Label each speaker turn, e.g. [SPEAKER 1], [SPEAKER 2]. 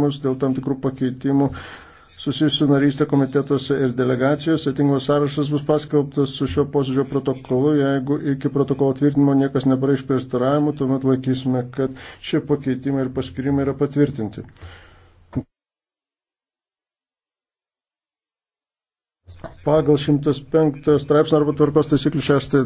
[SPEAKER 1] mus dėl tam tikrų pakeitimų susijusių narystę komitetuose ir delegacijose. Tinklas sąrašas bus paskelbtas su šio posėdžio protokolu. Jeigu iki protokolo tvirtinimo niekas nepareiš prieštaravimų, tuomet laikysime, kad šie pakeitimai ir paskirimai yra patvirtinti. Pagal
[SPEAKER 2] 105 straipsnio arba tvarkos taisyklių 6